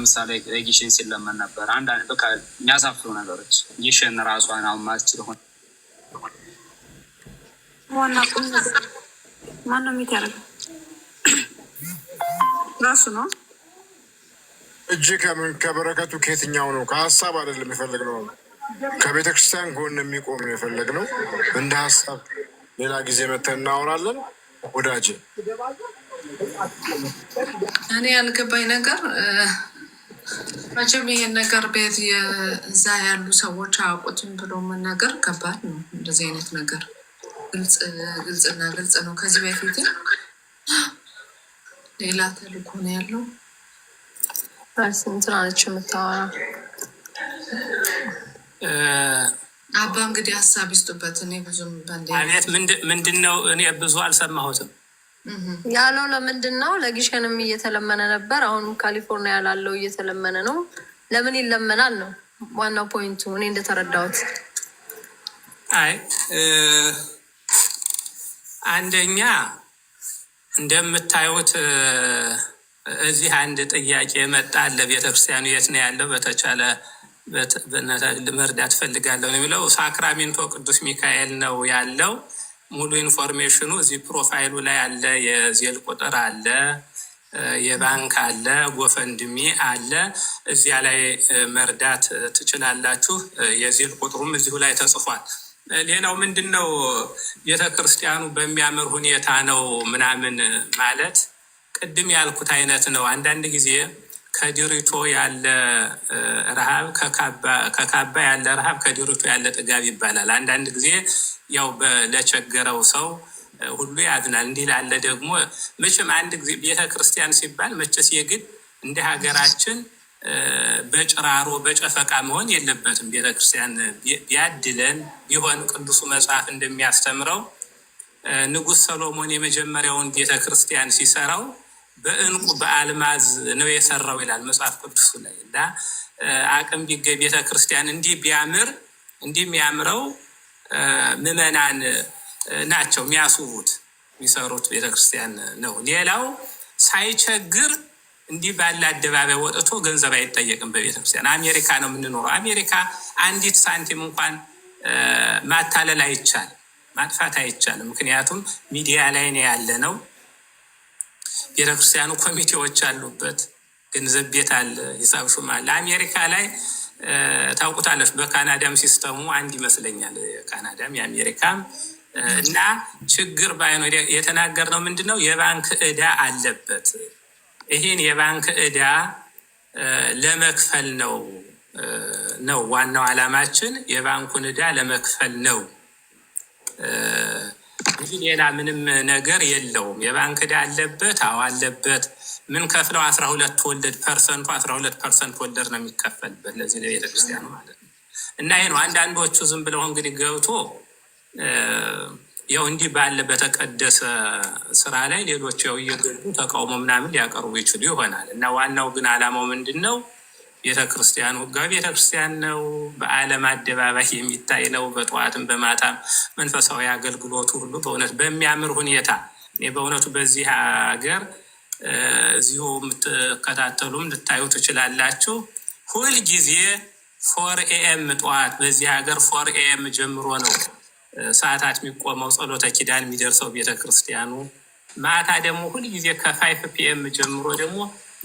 ለምሳሌ ጊሽን ሲለመን ነበር። አንዳንድ በቃ የሚያሳፍሩ ነገሮች ጊሽን ራሷን አሁን ማስችል ሆነ ዋና ቁም ራሱ ነው። እጅ ከበረከቱ ከየትኛው ነው? ከሀሳብ አይደለም የፈለግነው ከቤተ ክርስቲያን ጎን የሚቆም ነው የፈለግነው። እንደ ሀሳብ ሌላ ጊዜ መተን እናወራለን። ወዳጅ እኔ ያልገባኝ ነገር መቼም ይሄን ነገር ቤት እዛ ያሉ ሰዎች አያውቁትም ብሎ መናገር ከባድ ነው። እንደዚህ አይነት ነገር ግልጽና ግልጽ ነው። ከዚህ በፊት ሌላ ተልእኮ ነው ያለው እንትናነች የምታወራ አባ እንግዲህ ሀሳብ ይስጡበት። እኔ ብዙም ምንድን ነው እኔ ብዙ አልሰማሁትም። ያለው ለምንድን ነው? ለጊሸንም እየተለመነ ነበር። አሁንም ካሊፎርኒያ ላለው እየተለመነ ነው። ለምን ይለመናል ነው ዋናው ፖይንቱ። እኔ እንደተረዳሁት አይ አንደኛ እንደምታዩት እዚህ አንድ ጥያቄ መጣ አለ። ቤተክርስቲያኑ የት ነው ያለው? በተቻለ መርዳት ፈልጋለሁ የሚለው ሳክራሜንቶ ቅዱስ ሚካኤል ነው ያለው ሙሉ ኢንፎርሜሽኑ እዚህ ፕሮፋይሉ ላይ አለ። የዜል ቁጥር አለ፣ የባንክ አለ፣ ጎፈንድሚ አለ። እዚያ ላይ መርዳት ትችላላችሁ። የዜል ቁጥሩም እዚሁ ላይ ተጽፏል። ሌላው ምንድን ነው ቤተ ክርስቲያኑ በሚያምር ሁኔታ ነው ምናምን ማለት ቅድም ያልኩት አይነት ነው አንዳንድ ጊዜ ከድሪቶ ያለ ረሃብ ከካባ ያለ ረሃብ ከድሪቶ ያለ ጥጋብ ይባላል። አንዳንድ ጊዜ ያው ለቸገረው ሰው ሁሉ ያዝናል። እንዲህ ላለ ደግሞ መቼም አንድ ጊዜ ቤተ ክርስቲያን ሲባል መቼስ የግድ እንደ ሀገራችን በጭራሮ በጨፈቃ መሆን የለበትም። ቤተ ክርስቲያን ቢያድለን ቢሆን ቅዱሱ መጽሐፍ እንደሚያስተምረው ንጉሥ ሰሎሞን የመጀመሪያውን ቤተ ክርስቲያን ሲሰራው በእንቁ በአልማዝ ነው የሰራው ይላል መጽሐፍ ቅዱሱ ላይ እና አቅም ቢገኝ ቤተ ክርስቲያን እንዲህ ቢያምር እንዲህ የሚያምረው ምዕመናን ናቸው የሚያስውቡት የሚሰሩት ቤተ ክርስቲያን ነው። ሌላው ሳይቸግር እንዲህ ባለ አደባባይ ወጥቶ ገንዘብ አይጠየቅም በቤተ ክርስቲያን። አሜሪካ ነው የምንኖረው። አሜሪካ አንዲት ሳንቲም እንኳን ማታለል አይቻል ማጥፋት አይቻልም። ምክንያቱም ሚዲያ ላይ ነው ያለ ነው ቤተክርስቲያኑ ኮሚቴዎች አሉበት፣ ገንዘብ ቤት አለ፣ ሂሳብ ሹም አለ። አሜሪካ ላይ ታውቁታለች። በካናዳም ሲስተሙ አንድ ይመስለኛል። ካናዳም የአሜሪካም እና ችግር ባይኖ ነው ምንድን ነው የባንክ እዳ አለበት። ይህን የባንክ እዳ ለመክፈል ነው ነው ዋናው ዓላማችን የባንኩን እዳ ለመክፈል ነው። እንጂ ሌላ ምንም ነገር የለውም። የባንክ ዕዳ አለበት? አዎ አለበት። ምን ከፍለው አስራ ሁለት ወለድ ፐርሰንቱ አስራ ሁለት ፐርሰንት ወለድ ነው የሚከፈልበት ለዚህ ለቤተክርስቲያኑ ማለት ነው። እና ይህ ነው አንዳንዶቹ ዝም ብለው እንግዲህ ገብቶ ያው እንዲህ ባለ በተቀደሰ ስራ ላይ ሌሎች ያው እየገቡ ተቃውሞ ምናምን ሊያቀርቡ ይችሉ ይሆናል እና ዋናው ግን አላማው ምንድን ነው? ቤተክርስቲያኑ ህጋዊ ቤተክርስቲያን ነው። በዓለም አደባባይ የሚታይ ነው። በጠዋትም በማታም መንፈሳዊ አገልግሎቱ ሁሉ በእውነት በሚያምር ሁኔታ በእውነቱ በዚህ ሀገር እዚሁ የምትከታተሉም ልታዩ ትችላላችሁ። ሁልጊዜ ፎር ኤኤም ጠዋት በዚህ ሀገር ፎር ኤኤም ጀምሮ ነው ሰዓታት የሚቆመው ጸሎተ ኪዳን የሚደርሰው ቤተክርስቲያኑ። ማታ ደግሞ ሁልጊዜ ከፋይፍ ፒኤም ጀምሮ ደግሞ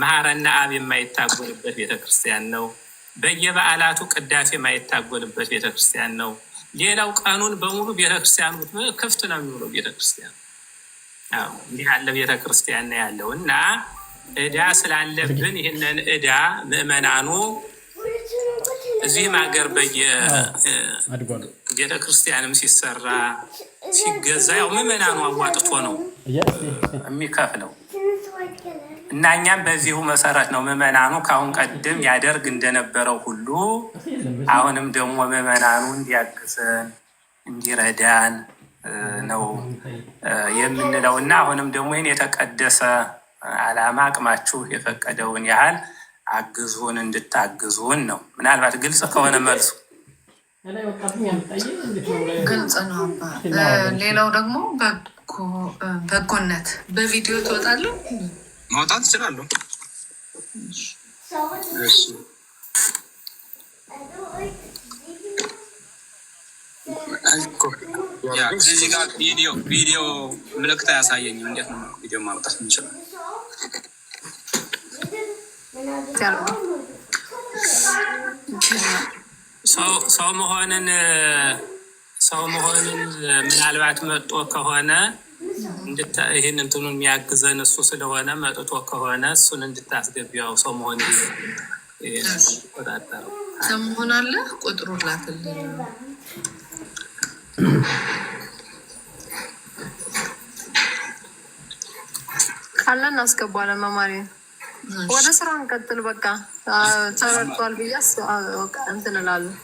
መሐረና አብ የማይታጎልበት ቤተክርስቲያን ነው። በየበዓላቱ ቅዳሴ የማይታጎልበት ቤተክርስቲያን ነው። ሌላው ቀኑን በሙሉ ቤተክርስቲያኑ ክፍት ነው የሚውለው ቤተክርስቲያን። እንዲህ ያለ ቤተክርስቲያን ነው ያለው እና እዳ ስላለብን ይህንን እዳ ምዕመናኑ እዚህም ሀገር በየቤተ ክርስቲያንም ሲሰራ ሲገዛ ያው ምዕመናኑ አዋጥቶ ነው የሚከፍለው። እና እኛም በዚሁ መሰረት ነው ምዕመናኑ ከአሁን ቀደም ያደርግ እንደነበረው ሁሉ አሁንም ደግሞ ምዕመናኑ እንዲያግዘን እንዲረዳን ነው የምንለው እና አሁንም ደግሞ ይህን የተቀደሰ ዓላማ አቅማችሁ የፈቀደውን ያህል አግዙን እንድታግዙን ነው። ምናልባት ግልጽ ከሆነ መልሱ ግልጽ ነው። ሌላው ደግሞ በጎነት በቪዲዮ ትወጣለህ ማውጣት እችላለሁ። እዚህ ጋር ቪዲዮ ቪዲዮ ምልክት አያሳየኝም። እንዴት ነው ቪዲዮ ማውጣት እንችላለን? ሰው መሆንን ሰው መሆንን ምናልባት መጥቶ ከሆነ ይህን እንትኑን የሚያግዘን እሱ ስለሆነ መጥቶ ከሆነ እሱን እንድታስገቢው ሰው መሆን ቆጣጠረው ሰው መሆን አለ። ቁጥሩ ላክልኝ ካለ እናስገባለን። መማሪ ወደ ስራ እንቀጥል። በቃ ተረድቷል ብዬ እንትን እላለሁ።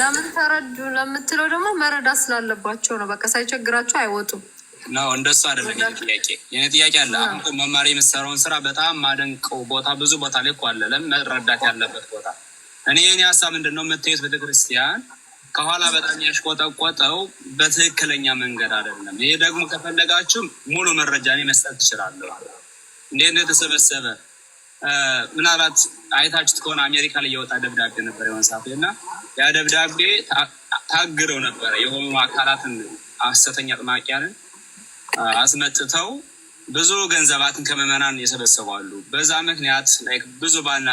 ለምን ተረዱ ለምትለው ደግሞ መረዳት ስላለባቸው ነው። በቃ ሳይቸግራቸው አይወጡም። ነው እንደሱ አይደለም። የኔ ጥያቄ የኔ ጥያቄ አለ። አሁን እኮ መማር የምሰራውን ስራ በጣም ማደንቀው ቦታ ብዙ ቦታ ላይ እኮ አለ፣ ለመረዳት ያለበት ቦታ። እኔ የኔ ሀሳብ ምንድን ነው የምታዩት ቤተክርስቲያን ከኋላ በጣም ያሽቆጠቆጠው በትክክለኛ መንገድ አደለም። ይሄ ደግሞ ከፈለጋችሁም ሙሉ መረጃ እኔ መስጠት ትችላለሁ። እንዴት እንደተሰበሰበ ምናልባት አይታችሁት ከሆነ አሜሪካ ላይ የወጣ ደብዳቤ ነበር የሆነ ሰዓት እና ያ ደብዳቤ ታግረው ነበረ የሆኑ አካላትን ሐሰተኛ አጥማቂያንን አስመጥተው ብዙ ገንዘባትን ከምዕመናን የሰበሰባሉ። በዛ ምክንያት ብዙ ባልና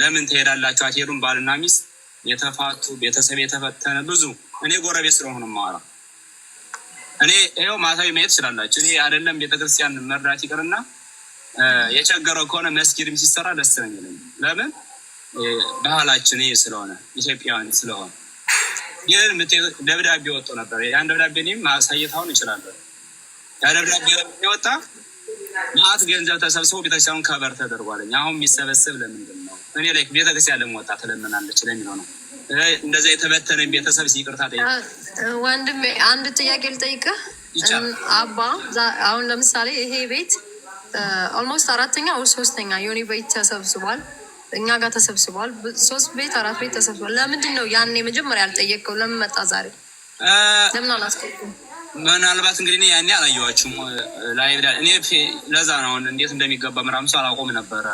ለምን ትሄዳላቸው አትሄዱም? ባልና ሚስት የተፋቱ ቤተሰብ የተፈተነ ብዙ እኔ ጎረቤት ስለሆኑ ማራ እኔ ይኸው ማታዊ መሄድ ትችላላችሁ። እኔ አይደለም ቤተክርስቲያን መርዳት ይቅርና የቸገረው ከሆነ መስጊድም ሲሰራ ደስ ነው የሚለኝ። ለምን ባህላችን ይህ ስለሆነ ኢትዮጵያውያን ስለሆነ ይህን ደብዳቤ ወጥቶ ነበር። ያን ደብዳቤ እኔም ማሳየት አሁን ይችላለሁ ከደብዳቤ የወጣ ማአት ገንዘብ ተሰብስቦ ቤተክርስቲያኑ ከበር ተደርጓለኝ። አሁን የሚሰበስብ ለምንድን ነው? እኔ ላይ ቤተክርስቲያን ለመወጣ ትለምናለች ለሚለው ነው። እንደዚያ ቤተሰብ ይቅርታ አንድ ጥያቄ ልጠይቅህ አባ። አሁን ለምሳሌ ይሄ ቤት ኦልሞስት አራተኛ ወር ሶስተኛ ቤት ተሰብስቧል፣ እኛ ጋር ተሰብስቧል። ሶስት ቤት አራት ቤት ተሰብስቧል። ለምንድን ነው ያኔ መጀመሪያ ያልጠየቅከው? ለምን መጣ ዛሬ? ለምን አላስቆቁም? ምናልባት እንግዲህ እኔ ያኔ አላየኋችሁም ላይ እኔ ለዛ ነው እንዴት እንደሚገባ ምናምን ሰው አላውቆም ነበረ።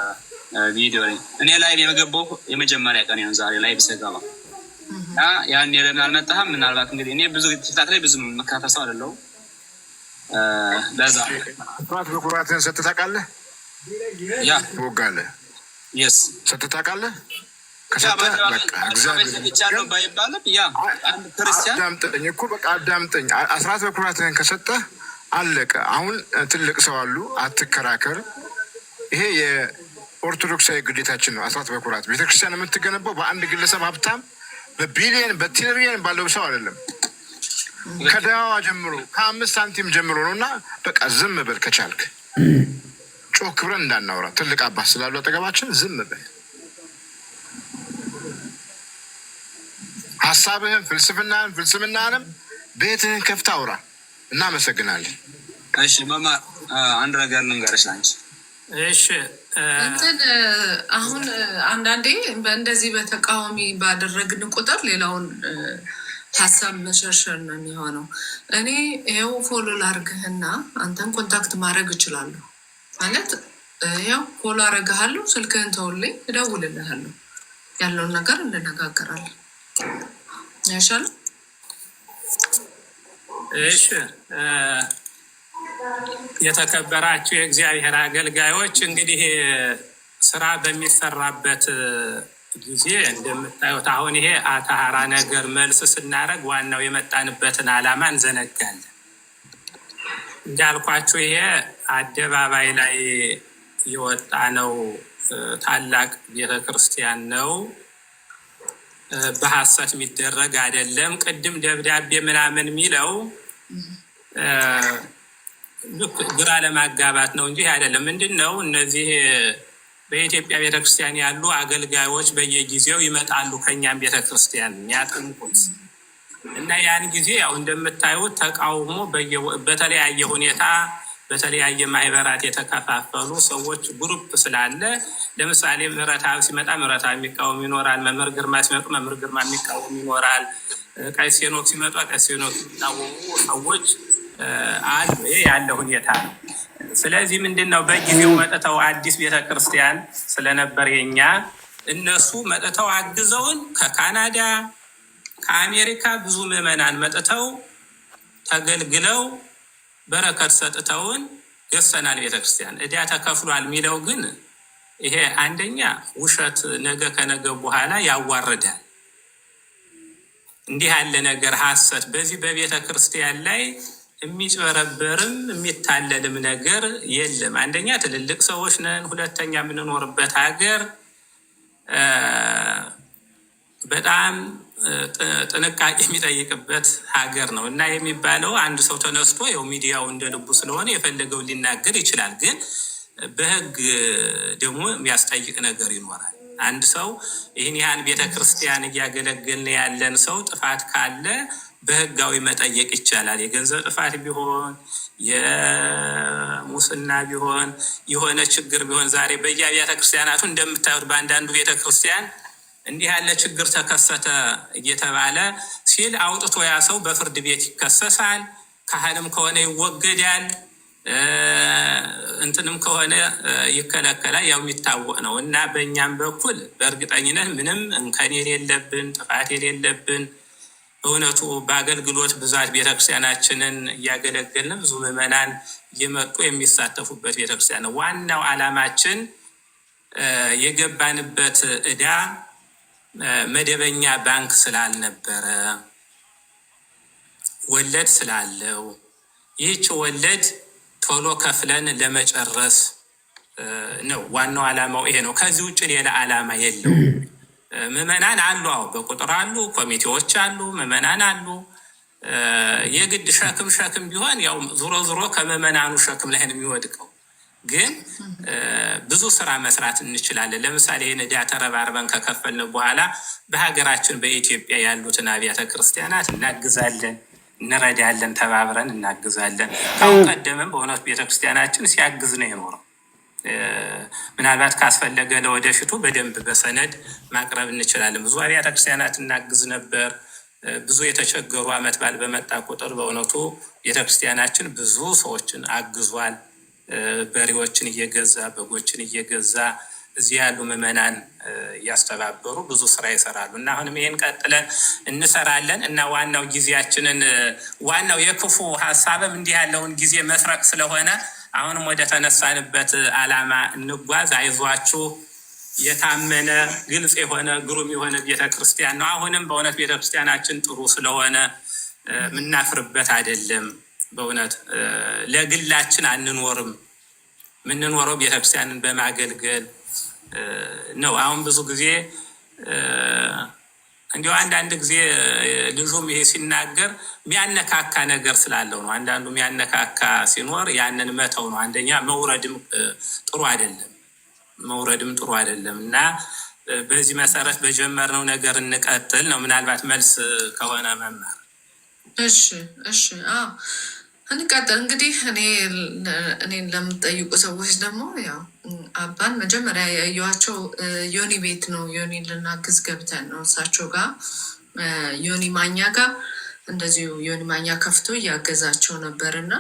ቪዲዮ ላይ እኔ ላይቭ የገባሁ የመጀመሪያ ቀን ነው ዛሬ ላይቭ ስገባ እና ያኔ ለምን አልመጣህም? ምናልባት እንግዲህ እኔ ብዙ ቲክታክ ላይ ብዙ መከታተል ሰው አይደለሁም። ለዛ ኩራት በኩራትን ሰጥተህ ታውቃለህ? ያ ትወጋለህ ስ ሰጥተህ ታውቃለህ? አዳምጠኝ እኮ በቃ አዳምጠኝ። አስራት በኩራትህን ከሰጠ አለቀ። አሁን ትልቅ ሰው አሉ፣ አትከራከር። ይሄ የኦርቶዶክሳዊ ግዴታችን ነው። አስራት በኩራት ቤተክርስቲያን የምትገነባው በአንድ ግለሰብ ሀብታም በቢሊየን በትሪሊየን ባለው ሰው አይደለም። ከደዋዋ ጀምሮ ከአምስት ሳንቲም ጀምሮ ነው። እና በቃ ዝም በል ከቻልክ ጮክ ብለን እንዳናወራ ትልቅ አባት ስላሉ አጠገባችን ዝም በል። ሀሳብህን ፍልስፍናህን ፍልስፍናህንም ቤትህን ከፍታ አውራ። እናመሰግናለን። እሺ መማር አንድ ነገር ልንገርሽ ላንቺ። እሺ እንትን አሁን አንዳንዴ እንደዚህ በተቃዋሚ ባደረግን ቁጥር ሌላውን ሀሳብ መሸርሸር ነው የሚሆነው። እኔ ይኸው ፎሎ ላርግህና አንተን ኮንታክት ማድረግ እችላለሁ ማለት ያው ፎሎ አረግሃለሁ፣ ስልክህን ተውልኝ፣ እደውልልሃለሁ፣ ያለውን ነገር እንነጋገራለን። አይሻልም? እሺ የተከበራችሁ የእግዚአብሔር አገልጋዮች እንግዲህ ስራ በሚሰራበት ጊዜ እንደምታዩት አሁን ይሄ አታሃራ ነገር መልስ ስናደርግ ዋናው የመጣንበትን ዓላማ እንዘነጋለን። እንዳልኳችሁ ይሄ አደባባይ ላይ የወጣ ነው። ታላቅ ቤተክርስቲያን ነው። በሀሰት የሚደረግ አይደለም። ቅድም ደብዳቤ ምናምን የሚለው ግራ ለማጋባት ነው እንጂ አይደለም። ምንድን ነው እነዚህ በኢትዮጵያ ቤተክርስቲያን ያሉ አገልጋዮች በየጊዜው ይመጣሉ። ከኛም ቤተክርስቲያን የሚያጠንቁት እና ያን ጊዜ ያው እንደምታዩት ተቃውሞ በተለያየ ሁኔታ በተለያየ ማህበራት የተከፋፈሉ ሰዎች ግሩፕ ስላለ ለምሳሌ ምረታብ ሲመጣ ምረታብ የሚቃወም ይኖራል። መምህር ግርማ ሲመጡ መምህር ግርማ የሚቃወም ይኖራል። ቀሲስ ሄኖክ ሲመጣ ቀሲስ ሄኖክ የሚቃወሙ ሰዎች አሉ። ይህ ያለ ሁኔታ ነው። ስለዚህ ምንድን ነው በጊዜው መጥተው አዲስ ቤተክርስቲያን ስለነበር የኛ እነሱ መጥተው አግዘውን ከካናዳ ከአሜሪካ ብዙ ምዕመናን መጥተው ተገልግለው በረከት ሰጥተውን ገሰናል ቤተክርስቲያን እዳ ተከፍሏል የሚለው ግን ይሄ አንደኛ ውሸት ነገ ከነገ በኋላ ያዋርዳል። እንዲህ ያለ ነገር ሐሰት በዚህ በቤተ ክርስቲያን ላይ የሚጭበረበርም የሚታለልም ነገር የለም። አንደኛ ትልልቅ ሰዎች ነን፣ ሁለተኛ የምንኖርበት ሀገር በጣም ጥንቃቄ የሚጠይቅበት ሀገር ነው እና የሚባለው አንድ ሰው ተነስቶ ያው ሚዲያው እንደ ልቡ ስለሆነ የፈለገው ሊናገር ይችላል። ግን በህግ ደግሞ የሚያስጠይቅ ነገር ይኖራል። አንድ ሰው ይህን ያህል ቤተክርስቲያን እያገለገልን ያለን ሰው ጥፋት ካለ በህጋዊ መጠየቅ ይቻላል። የገንዘብ ጥፋት ቢሆን የሙስና ቢሆን የሆነ ችግር ቢሆን ዛሬ በየአብያተ ክርስቲያናቱ እንደምታዩት በአንዳንዱ ቤተክርስቲያን እንዲህ ያለ ችግር ተከሰተ እየተባለ ሲል አውጥቶ ያ ሰው በፍርድ ቤት ይከሰሳል። ካህንም ከሆነ ይወገዳል፣ እንትንም ከሆነ ይከለከላል። ያው የሚታወቅ ነው እና በእኛም በኩል በእርግጠኝነት ምንም እንከን የሌለብን ጥፋት የሌለብን እውነቱ በአገልግሎት ብዛት ቤተክርስቲያናችንን እያገለገልን ብዙ ምዕመናን እየመጡ የሚሳተፉበት ቤተክርስቲያን ነው። ዋናው ዓላማችን የገባንበት እዳ። መደበኛ ባንክ ስላልነበረ ወለድ ስላለው ይህች ወለድ ቶሎ ከፍለን ለመጨረስ ነው። ዋናው ዓላማው ይሄ ነው። ከዚህ ውጭ ሌላ ዓላማ የለውም። ምዕመናን አሉ፣ አዎ በቁጥር አሉ፣ ኮሚቴዎች አሉ፣ ምዕመናን አሉ። የግድ ሸክም ሸክም ቢሆን ያው ዙሮ ዙሮ ከምዕመናኑ ሸክም ላይ ነው የሚወድቀው። ግን ብዙ ስራ መስራት እንችላለን። ለምሳሌ ይህን ዕዳ ተረባርበን ከከፈልን በኋላ በሀገራችን በኢትዮጵያ ያሉትን አብያተ ክርስቲያናት እናግዛለን፣ እንረዳለን፣ ተባብረን እናግዛለን። ከአሁን ቀደምም በእውነት ቤተክርስቲያናችን ሲያግዝ ነው የኖረው። ምናልባት ካስፈለገ ለወደፊቱ በደንብ በሰነድ ማቅረብ እንችላለን። ብዙ አብያተ ክርስቲያናት እናግዝ ነበር። ብዙ የተቸገሩ አመት በዓል በመጣ ቁጥር በእውነቱ ቤተክርስቲያናችን ብዙ ሰዎችን አግዟል። በሬዎችን እየገዛ በጎችን እየገዛ እዚህ ያሉ ምዕመናን እያስተባበሩ ብዙ ስራ ይሰራሉ እና አሁንም ይህን ቀጥለን እንሰራለን እና ዋናው ጊዜያችንን ዋናው የክፉ ሀሳብም እንዲህ ያለውን ጊዜ መስረቅ ስለሆነ አሁንም ወደ ተነሳንበት አላማ እንጓዝ። አይዟችሁ የታመነ ግልጽ የሆነ ግሩም የሆነ ቤተክርስቲያን ነው። አሁንም በእውነት ቤተክርስቲያናችን ጥሩ ስለሆነ የምናፍርበት አይደለም። በእውነት ለግላችን አንኖርም። የምንኖረው ቤተክርስቲያንን በማገልገል ነው። አሁን ብዙ ጊዜ እንዲሁ አንዳንድ ጊዜ ልጁም ይሄ ሲናገር የሚያነካካ ነገር ስላለው ነው። አንዳንዱ የሚያነካካ ሲኖር ያንን መተው ነው። አንደኛ መውረድም ጥሩ አይደለም፣ መውረድም ጥሩ አይደለም እና በዚህ መሰረት በጀመርነው ነገር እንቀጥል ነው። ምናልባት መልስ ከሆነ መማር እሺ፣ እሺ። እንቀጥል እንግዲህ እኔን ለምጠይቁ ሰዎች ደግሞ ያው አባን መጀመሪያ ያየኋቸው ዮኒ ቤት ነው። ዮኒ ልናግዝ ገብተን ነው እሳቸው ጋር ዮኒ ማኛ ጋር እንደዚሁ ዮኒ ማኛ ከፍቶ እያገዛቸው ነበር እና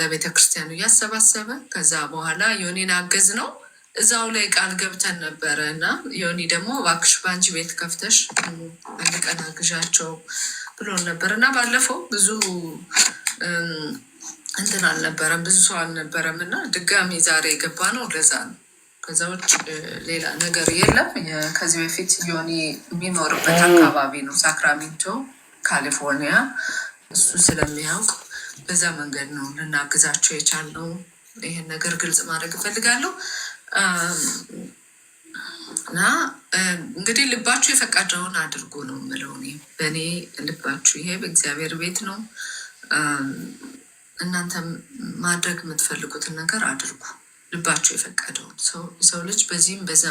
ለቤተ ክርስቲያኑ እያሰባሰበ ከዛ በኋላ ዮኒን አገዝ ነው እዛው ላይ ቃል ገብተን ነበረ እና ዮኒ ደግሞ እባክሽ በአንቺ ቤት ከፍተሽ አንድ ቀን አግዣቸው ብሎን ነበር እና ባለፈው ብዙ እንትን አልነበረም፣ ብዙ ሰው አልነበረም እና ድጋሚ ዛሬ የገባ ነው። ለዛ ነው። ከዛ ውጭ ሌላ ነገር የለም። ከዚህ በፊት ዮኒ የሚኖርበት አካባቢ ነው፣ ሳክራሚንቶ ካሊፎርኒያ። እሱ ስለሚያውቅ በዛ መንገድ ነው ልናግዛቸው የቻልነው። ይህን ነገር ግልጽ ማድረግ እፈልጋለሁ። እና እንግዲህ ልባችሁ የፈቀደውን አድርጎ ነው የምለው። በእኔ ልባችሁ ይሄ በእግዚአብሔር ቤት ነው። እናንተ ማድረግ የምትፈልጉትን ነገር አድርጉ፣ ልባቸው የፈቀደውን። ሰው ልጅ በዚህም በዛ